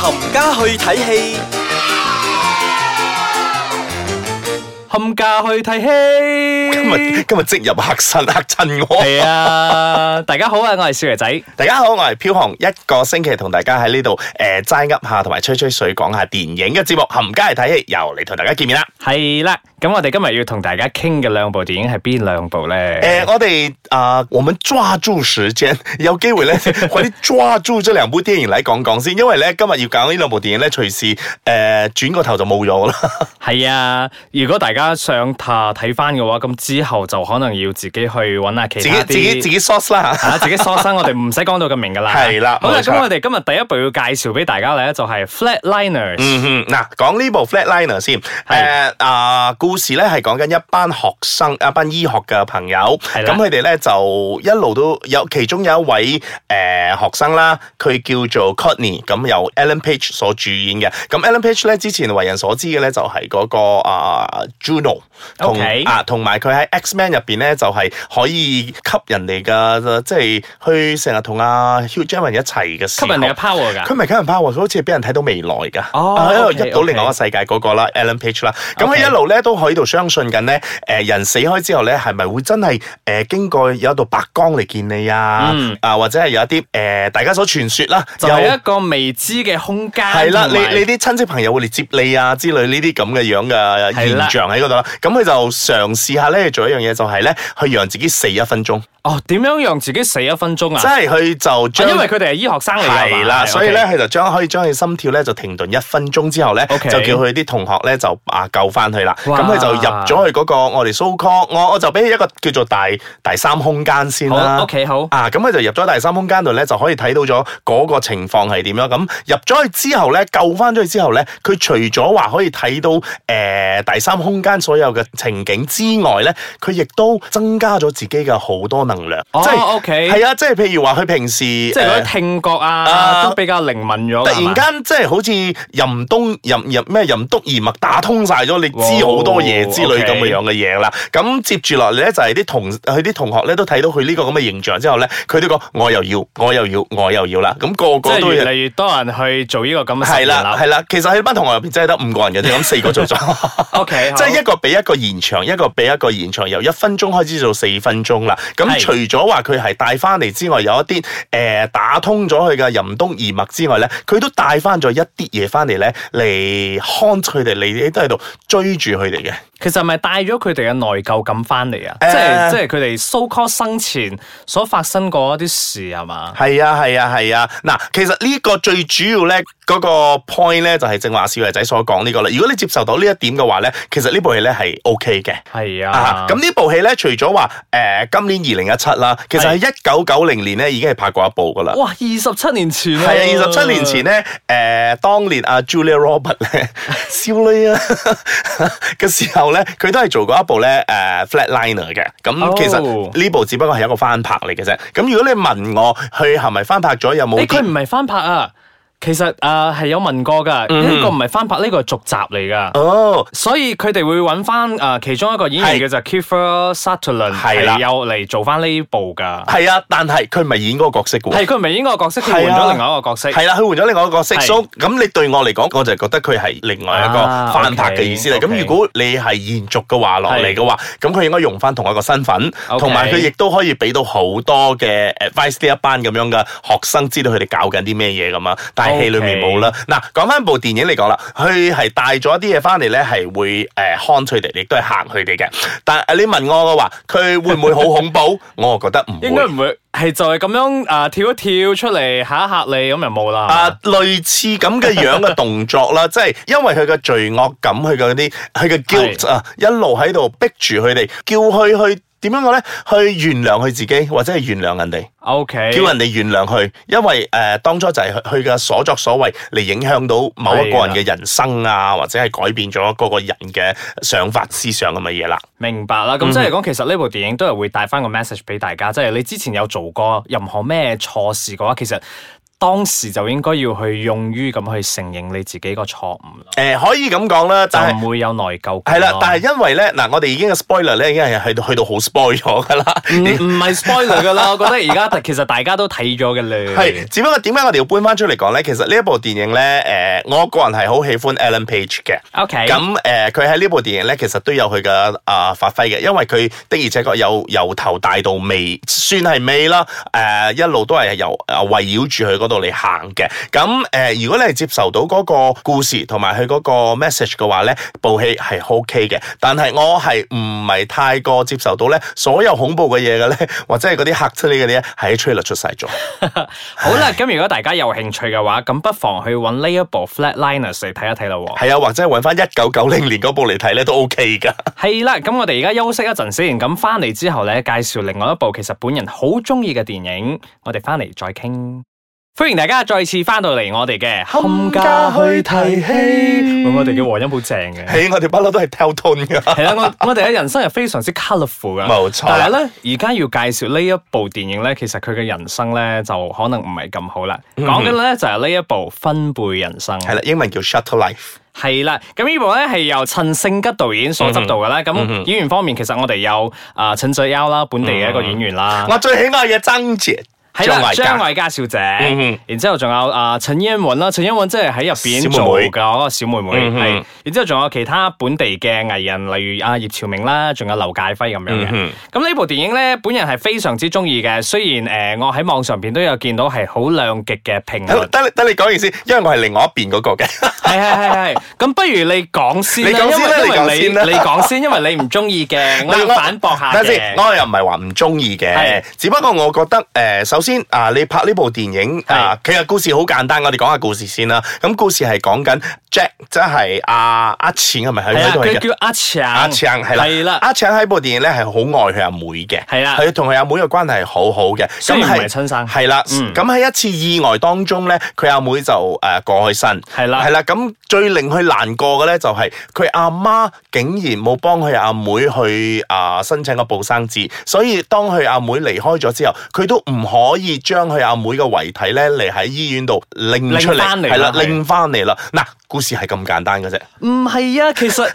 冚家去睇戲。冚家去睇戲，今日今日即入吓身吓震我。係 啊，大家好啊，我係小爺仔。大家好，我係飄航。一個星期同大家喺呢度誒，齋、呃、噏下，同埋吹吹水，講下電影嘅節目。冚家嚟睇戲，又嚟同大家見面啦。係啦、啊，咁我哋今日要同大家傾嘅兩部電影係邊兩部咧？誒、呃，我哋啊、呃，我們抓住時間，有機會咧，快啲抓住這兩部電影嚟講講先。 因為咧，今日要講呢兩部電影咧，隨時誒，轉、呃、個頭就冇咗啦。係 啊，如果大家。上塔睇翻嘅話，咁之後就可能要自己去揾下其他啲，自己自己 source 啦，嚇、 啊，自己 source 生、啊，我哋唔使講到咁明噶啦。係啦 的，好啦，咁錯我哋今日第一部要介紹俾大家咧，就係 Flatliners。嗱，講呢部 Flatliner 先的，誒，啊，故事咧係講緊一班學生，一班醫學嘅朋友，咁佢哋咧就一路都有，其中有一位誒、呃、學生啦，佢叫做 Courtney 咁由 Ellen Page 所主演嘅，咁 Ellen Page 咧之前為人所知嘅咧就係嗰、那個啊。呃呃同啊，同埋佢喺 X-Men 入邊咧，就係可以吸人哋嘅，即係去成日同阿 Hugh Jackman 一齊嘅吸人哋嘅 power 噶，佢唔係吸人 power，佢好似俾人睇到未來噶，哦，一入到另外一個世界嗰個啦，Alan Page 啦，咁佢一路咧都可以度相信緊咧，誒，人死開之後咧，係咪會真係誒經過有一道白光嚟見你啊？啊，或者係有一啲誒，大家所傳說啦，有一個未知嘅空間，係啦，你你啲親戚朋友會嚟接你啊之類呢啲咁嘅樣嘅現象。咁佢就嘗試下咧，做一樣嘢就係咧，去讓自己死一分鐘。哦，點樣讓自己死一分鐘啊？即係佢就將，因為佢哋係醫學生嚟，係啦，所以咧，佢就將可以將佢心跳咧就停頓一分鐘之後咧，就叫佢啲同學咧就啊救翻佢啦。咁佢就入咗去嗰個我哋 show call，我我就俾佢一個叫做第第三空間先啦。OK 好啊，咁佢就入咗第三空間度咧，就可以睇到咗嗰個情況係點樣。咁入咗去之後咧，救翻咗去之後咧，佢除咗話可以睇到誒第三空間。間所有嘅情景之外咧，佢亦都增加咗自己嘅好多能量。Oh, okay. 即哦，O K，係啊，即係譬如話佢平時即係佢聽覺啊，都比較靈敏咗。突然間即係好似任東任任咩任督二脈打通晒咗，你知好多嘢之類咁嘅樣嘅嘢啦。咁 Okay.、嗯、接住落嚟咧就係啲同佢啲同學咧都睇到佢呢個咁嘅形象之後咧，佢都講，我又要我又要我又要啦。咁、嗯、個，個個都越嚟越是多人去做呢個咁嘅係啦係啦，其實喺班同學入邊真係得五個人嘅，咁四個做咗 O K，即係。 okay, 一個比一個延長，一個比一個延長，由一分鐘開始到四分鐘啦。咁除咗話佢係帶翻嚟之外，有一啲誒、呃、打通咗佢嘅任督二脈之外咧，佢都帶翻咗一啲嘢翻嚟咧嚟 haunt 佢哋，嚟都喺度追住佢哋嘅。其實係咪帶咗佢哋嘅內疚感翻嚟啊？呃、即係即係佢哋 so call 生前所發生過一啲事係嘛？係啊係啊係啊！嗱、啊啊，其實呢個最主要咧，嗰個 point 咧就係正話小爺仔所講呢、這個啦。如果你接受到呢一點嘅話咧，其實呢部戲咧係 OK 嘅。係啊，咁、啊、呢部戲咧，除咗話誒今年二零一七啦，其實係一九九零年咧已經係拍過一部噶啦。哇，二十七年前啊！係啊，二十七年前咧，誒、呃、當年阿 Julia Roberts 咧，少女啊嘅、啊、 時候。咧，佢都係做過一部咧，誒 Flatliner 嘅，咁、oh. 其實呢部只不過係一個翻拍嚟嘅啫。咁如果你問我，佢係咪翻拍咗有冇？佢唔係翻拍啊。其實誒係有問過噶，呢個唔係翻拍，呢個係續集嚟噶。哦，所以佢哋會揾翻誒其中一個演員嘅就係 Kiefer Sutherland 係啦，又嚟做翻呢部噶。係啊，但係佢唔係演嗰個角色嘅。係佢唔係演嗰個角色，佢換咗另外一個角色。係啦，佢換咗另外一個角色。So，咁你對我嚟講，我就覺得佢係另外一個翻拍嘅意思嚟。咁如果你係延續嘅話落嚟嘅話，咁佢應該用翻同一個身份，同埋佢亦都可以俾到好多嘅誒，advice 啲一班咁樣嘅學生知道佢哋搞緊啲咩嘢咁啊。但戲裏面冇啦。嗱，講翻部電影嚟講啦，佢係帶咗啲嘢翻嚟咧，係會誒，haunt 佢哋亦都係嚇佢哋嘅。但係你問我嘅話，佢會唔會好恐怖？ 我覺得唔應該唔會，係就係咁樣啊，跳一跳出嚟嚇一嚇你咁就冇啦。啊，類似咁嘅樣嘅動作啦， 即係因為佢嘅罪惡感，佢嘅嗰啲，佢嘅 guilt 啊，一路喺度逼住佢哋，叫佢去。點樣講咧？去原諒佢自己，或者係原諒人哋，Okay. 叫人哋原諒佢，因為誒、呃、當初就係佢嘅所作所為嚟影響到某一個人嘅人生啊，的或者係改變咗嗰個人嘅想法、思想咁嘅嘢啦。明白啦。咁即係講，嗯、其實呢部電影都係會帶翻個 message 俾大家，即、就、係、是、你之前有做過任何咩錯事嘅話，其實。當時就應該要去用於咁去承認你自己個錯誤啦。誒、呃，可以咁講啦，但就唔會有內疚感。係啦，但係因為咧，嗱，我哋已經嘅 spoiler 咧，已經係去到去到好 spoil 咗噶啦。唔 唔係 spoiler、嗯、噶啦，我覺得而家其實大家都睇咗嘅咧。係 只不過點解我哋要搬翻出嚟講咧？其實呢一部電影咧，誒，我個人係好喜歡 Alan Page 嘅。OK。咁、呃、誒，佢喺呢部電影咧，其實都有佢嘅啊發揮嘅，因為佢的而且確有由頭大到尾，算係尾啦。誒、呃，一路都係由啊圍繞住佢、嗰個。到嚟行嘅咁誒，如果你係接受到嗰個故事同埋佢嗰個 message 嘅話，呢部戲係 O K 嘅。但係我係唔係太過接受到呢所有恐怖嘅嘢嘅呢？或者係嗰啲吓出嚟嘅咧，喺 trailer 出晒咗。 好啦，咁唉如果大家有興趣嘅話，咁不妨去搵呢一部 Flatliners 嚟睇一睇啦。係啊，或者係搵翻一九九零年嗰部嚟睇呢都 O K 噶。係 啦，咁我哋而家休息一陣先，咁翻嚟之後呢，介紹另外一部其實本人好中意嘅電影，我哋翻嚟再傾。歡迎大家再次翻到嚟我哋嘅《冚家去睇戲》，我，我哋嘅和音好正嘅，係 我哋不嬲都係調 tone 係啦，我我哋嘅人生又非常之 colorful 噶。冇錯。但係咧，而家要介紹呢一部電影咧，其實佢嘅人生咧就可能唔係咁好啦。講緊咧就係、是、呢一部《分貝人生》，係啦，英文叫 Shuttle Life。係啦，咁呢部咧係由陳勝吉導演所執導嘅啦。咁、嗯、哼演員方面，其實我哋有啊陳展昭啦，本地嘅一個演員啦。嗯、哼我最喜愛嘅張姐。係啦，張偉嘉小姐，然之後仲有啊陳茵媺啦，陳茵媺即係喺入邊做嘅嗰個小妹妹。係，然之後仲有其他本地嘅藝人，例如啊葉朝明啦，仲有劉介輝咁樣嘅。咁呢部電影咧，本人係非常之中意嘅。雖然誒，我喺網上邊都有見到係好兩極嘅評論。等等你講完先，因為我係另外一邊嗰個嘅。係係係係，咁不如你講先。你講先啦，你講先啦，你講先，因為你唔中意嘅，我要反駁下嘅。等下先，我又唔係話唔中意嘅，只不過我覺得誒，首先。先啊！你拍呢部電影啊，其實故事好簡單，我哋講下故事先啦。咁故事係講緊 Jack，即係、啊、阿阿強，係咪喺度叫阿強，阿強係啦，係、啊、啦。了了阿強喺部電影咧係好愛佢阿妹嘅，係啦了，佢同佢阿妹嘅關係好好嘅，雖然唔係親生。係啦，咁喺、嗯、一次意外當中咧，佢阿妹就誒過身，係啦了，係啦。咁最令佢難過嘅咧、就係，就係佢阿媽竟然冇幫佢阿妹去啊申請個報生紙，所以當佢阿妹離開咗之後，佢都唔可。可以將佢阿妹嘅遺體咧嚟喺醫院度拎出嚟，係啦，拎翻嚟啦。嗱，故事係咁簡單嘅啫，唔係啊。其實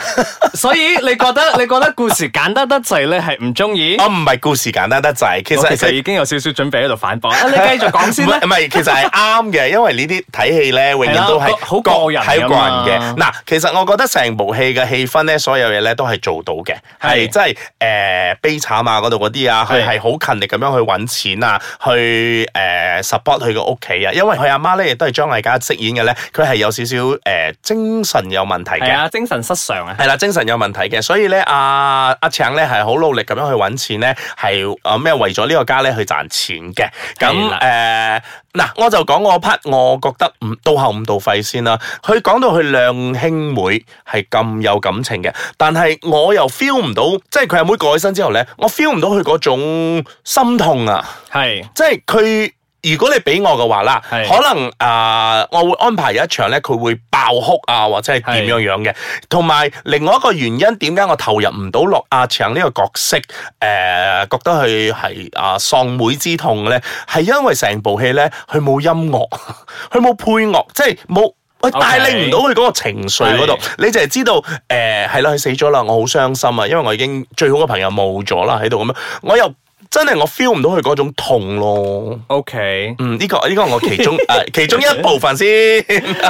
所以你覺得你覺得故事簡單得滯咧，係唔中意？我唔係故事簡單得滯，其實其實已經有少少準備喺度反駁。啊，你繼續講先啦。唔係，其實係啱嘅，因為呢啲睇戲咧，永遠都係好個人，係個人嘅嗱。其實我覺得成部戲嘅氣氛咧，所有嘢咧都係做到嘅，係即係誒悲慘啊，嗰度嗰啲啊，係係好勤力咁樣去搵錢啊，去。去誒 support 佢個屋企啊，因為佢阿媽咧亦都係張藝嘉飾演嘅咧，佢係有少少誒精神有問題嘅，啊，精神失常啊，係啦，精神有問題嘅，所以咧阿阿請咧係好努力咁樣去揾錢咧，係啊咩為咗呢個家咧去賺錢嘅，咁誒嗱，我就講我 part，我覺得唔到喉唔到肺先啦。佢講到佢兩兄妹係咁有感情嘅，但係我又 feel 唔到，即係佢阿妹過咗身之後咧，我 feel 唔到佢嗰種心痛啊，係即係。佢如果你俾我嘅話啦，是可能啊、uh, 我會安排有一場咧，佢會爆哭啊，或者係點樣樣嘅。同埋是另外一個原因，點解我投入唔到落阿強呢個角色？誒、uh,，覺得佢係啊喪妹之痛咧，係因為成部戲咧，佢冇音樂，佢冇配樂，即係冇佢帶領唔到佢嗰個情緒嗰度。Okay. 你淨係知道誒，係、uh, 啦，佢死咗啦，我好傷心啊，因為我已經最好嘅朋友冇咗啦，喺度咁樣，我又。真係我 feel 唔到佢嗰種痛咯。O Okay . K，嗯，呢、這個呢、這個我其中誒、 呃、其中一部分先。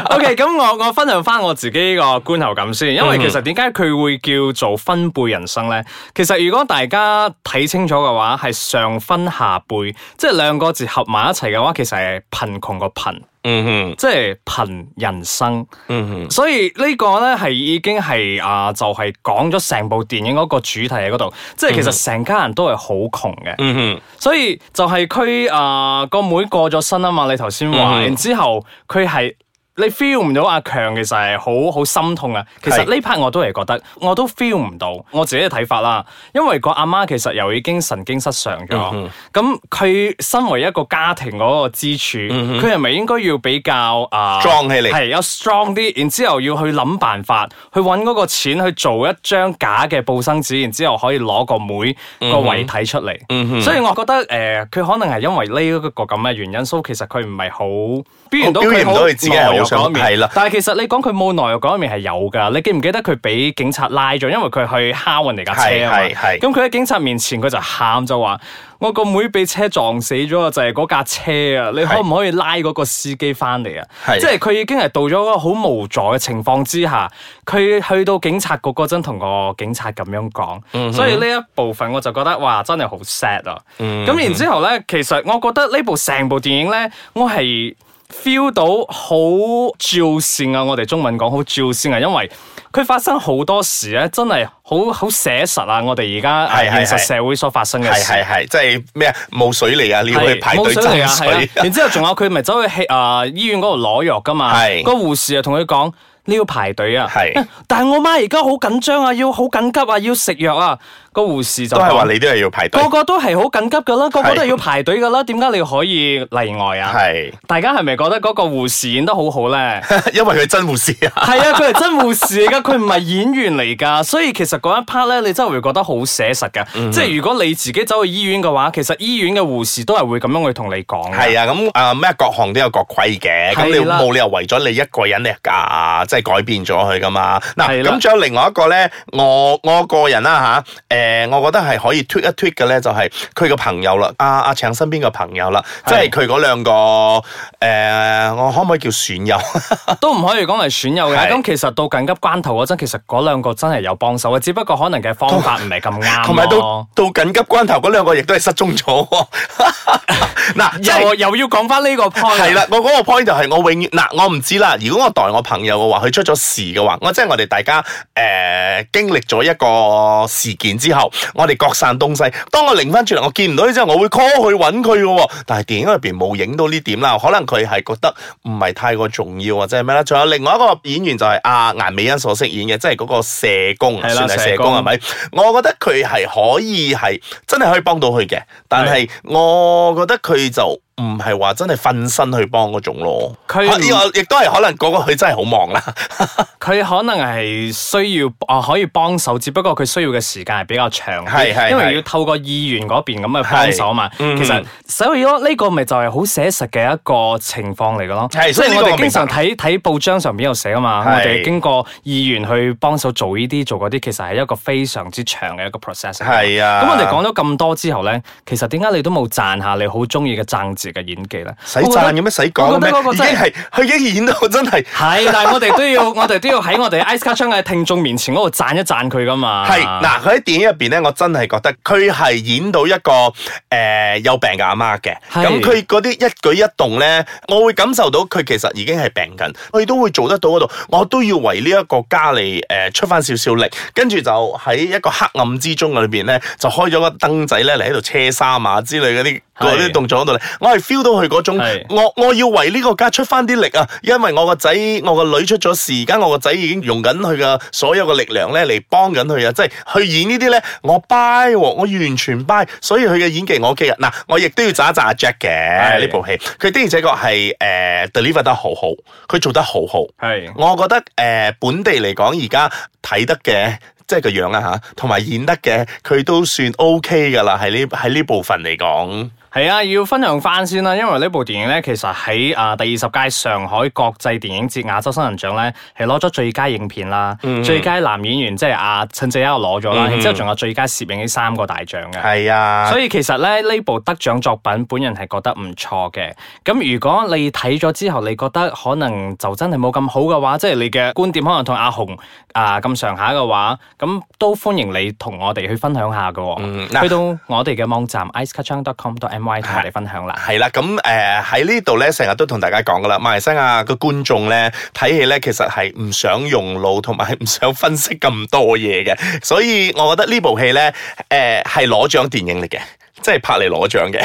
O K，咁我我分享翻我自己個觀後感先。因為其實點解佢會叫做分背人生咧？其實如果大家睇清楚嘅話，係上分下背，即、就、係、是、兩個字合埋一齊嘅話，其實係貧窮個貧。嗯哼，mm hmm. 即係分貝人生，嗯哼、mm，hmm. 所以個，呢個咧係已經係啊、呃，就係講咗成部電影嗰個主題喺嗰度，即係其實成家人都係好窮嘅，嗯哼、mm，hmm. 所以就係佢啊個妹過咗身啊嘛，你頭先話，mm hmm. 然後之後佢係。你 feel 唔到阿強其實係好好心痛啊！其實呢 part 我都係覺得，我都 feel 唔到我自己嘅睇法啦。因為個阿媽其實又已經神經失常咗，咁佢、mm hmm. 嗯、身為一個家庭嗰個支柱，佢係咪應該要比較啊壯、呃、起嚟，係有 strong 啲，然之後要去諗辦法去揾嗰個錢去做一張假嘅報生紙，然之後可以攞個妹個遺體出嚟。Mm hmm. mm hmm. 所以我覺得誒，佢、呃、可能係因為呢一個咁嘅原因，所以其實佢唔係好，必然表現到佢自己。係啦想對，但係其實你講佢冇內疚嗰一面係有噶是，你記唔記得佢俾警察拉咗？因為佢去敲人哋架車啊。係。咁佢喺警察面前，佢就喊就話：我個妹俾車撞死咗，就係嗰架車啊！你可唔可以拉嗰個司機翻嚟啊？即係佢已經係到咗一個好無助嘅情況之下，佢去到警察局嗰陣，同個警察咁樣講。所以呢一部分，我就覺得哇，真係好 sad 啊！咁、嗯嗯、然之後咧，其實我覺得呢部成部電影咧，我係。feel 到好照線啊！我哋中文講好照線啊，因為佢發生好多事咧，真係好好寫實啊！我哋而家係現實社會所發生嘅事，係係係，即係咩啊？冇水嚟啊！你要去排隊啊，水、啊，然之後仲有佢咪走去啊、呃、醫院嗰度攞藥噶嘛？是個護士又同佢講你要排隊啊,是啊！但係我媽而家好緊張啊，要好緊急啊，要食藥啊！個護士就都係話，你都係要排隊，個個都係好緊急噶啦，個個都要排隊噶啦，點解是你可以例外啊？係是大家係咪覺得嗰個護士演得好好咧？ 因為佢係真護士啊，係 啊，佢係真護士噶，佢唔係演員嚟噶，所以其實嗰一 part 咧，你真係會覺得好寫實噶。嗯、哼即係如果你自己走去醫院嘅話，其實醫院嘅護士都係會咁樣去同你講。係啊，咁誒咩？呃、各行都有各規嘅，咁、啊、你冇理由為咗你一個人嚟噶，即係改變咗佢噶嘛。嗱，咁仲有另外一個咧，我我個人啦吓，誒。啊誒、呃，我覺得係可以拖一拖嘅咧，就係佢個朋友啦，阿阿祥身邊個朋友啦，是即係佢嗰兩個誒、呃，我可唔可以叫損友？ 都唔可以講係損友嘅。咁是其實到緊急關頭嗰陣，其實嗰兩個真係有幫手嘅，只不過可能嘅方法唔係咁啱。同埋 到到緊急關頭嗰兩個亦都係失蹤咗。嗱、 啊就是， 又又要講翻呢個 point。係 啦，我嗰個 point 就係我永遠嗱，我唔知啦。如果我代我朋友嘅話，佢出咗事嘅話，我即係我哋大家誒、呃，經歷咗一個事件之。後我哋各散東西，當我擰翻轉嚟，我見唔到佢之後，我會 call 去搵佢嘅。但係電影入邊冇影到呢點啦，可能佢係覺得唔係太過重要或者係咩咧。仲、就是、有另外一個演員就係阿顏美恩所飾演嘅，即係嗰個社工，啦算係社工係咪？工吧我覺得佢係可以係真係可以幫到佢嘅，但係我覺得佢就。唔係話真係瞓身去幫嗰種咯，佢呢不、啊這個亦都係可能個個佢真係好忙啦。佢 可能係需要哦、呃，可以幫手，只不過佢需要嘅時間係比較長，係係，因為要透過議員嗰邊咁去幫手啊嘛。是是嗯、其實所以咯，呢、這個咪就係好寫實嘅一個情況嚟嘅咯。係，所以我哋經常睇睇報章上邊有寫啊嘛，是是我哋經過議員去幫手做呢啲做嗰啲，其實係一個非常之長嘅一個 process。係是啊，咁我哋講咗咁多之後咧，其實點解你都冇賺下你好中意嘅掙？嘅演技啦，使讚有咩？使講嘅咩？已佢已經演到真係係 的， 但係我哋都要我哋都要喺我哋 ice 卡窗嘅聽眾面前嗰度讚一讚佢噶嘛。係嗱，佢喺電影入邊咧，我真係覺得佢係演到一個誒、呃、有病嘅阿媽嘅。咁佢嗰啲一舉一動咧，我會感受到佢其實已經係病緊，我亦都會做得到嗰度。我都要為呢一個家嚟誒、呃、出翻少少力，跟住就喺一個黑暗之中嘅裏面咧，就開咗個燈仔咧嚟喺度車衫啊之類嗰啲。嗰啲動作嗰度嚟，我係 feel 到佢嗰種，我我要為呢個家出翻啲力啊！因為我個仔、我個女出咗事。而家我個仔已經用緊佢嘅所有嘅力量咧嚟幫緊佢啊！即係佢演呢啲咧，我 buy 喎，我完全 buy，所以佢嘅演技我 ok 啊！嗱，我亦都要渣渣 Jack 嘅呢對 部戲，佢的而且確係誒、呃、deliver 得好好，佢做得好好，係對 我覺得誒、呃、本地嚟講而家睇得嘅，即係個樣啊嚇，同埋演得嘅佢都算 ok 噶啦，喺呢喺呢部分嚟講。係啊，要分享翻先啦，因為呢部電影咧，其實喺啊第二十屆上海國際電影節亞洲新人獎咧，係攞咗最佳影片啦，mm hmm. 最佳男演員即係阿陳志一攞咗啦，之後仲有最佳攝影呢三個大獎嘅。係啊、mm，hmm. 所以其實咧呢部得獎作品，本人係覺得唔錯嘅。咁如果你睇咗之後，你覺得可能就真係冇咁好嘅話，即、就、係、是、你嘅觀點可能同阿紅啊咁上下嘅話，咁都歡迎你同我哋去分享下嘅、哦。嗯、mm，hmm. 去到我哋嘅網站 i c e c a t c h u p c o c o m 同我哋分享啦，係啦，咁誒喺呢度咧，成日都同大家講噶啦，馬來西亞個觀眾咧睇戲咧，其實係唔想用腦同埋係唔想分析咁多嘢嘅，所以我覺得呢部戲咧誒係攞獎電影嚟嘅，即係拍嚟攞獎嘅。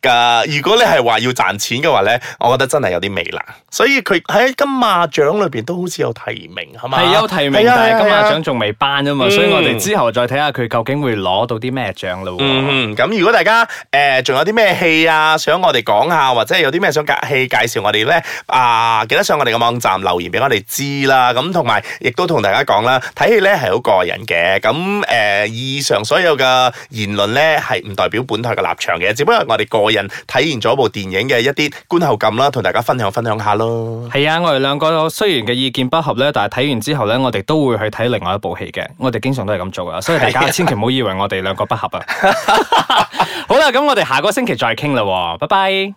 噶，如果你係話要賺錢嘅話咧，嗯、我覺得真係有啲微難。所以佢喺金馬獎裏邊都好似有提名，係咪？係有提名，係啊，啊但金馬獎仲未頒啊嘛，嗯、所以我哋之後再睇下佢究竟會攞到啲咩獎咯。嗯，咁如果大家誒仲、呃、有啲咩戲啊，想我哋講下，或者有啲咩想隔戲介紹我哋咧，啊記得上我哋嘅網站留言俾我哋知啦。咁同埋亦都同大家講啦，睇戲咧係好個人嘅，咁誒、呃、以上所有嘅言論咧係唔代表本台嘅立場嘅，只不過我哋個。個人睇完咗部電影嘅一啲觀後感啦，同大家分享分享下咯。係啊，我哋兩個雖然嘅意見不合咧，但係睇完之後咧，我哋都會去睇另外一部戲嘅。我哋經常都係咁做㗎，所以大家千祈唔好以為我哋兩個不合是啊。 好啦，咁我哋下個星期再傾啦，拜拜。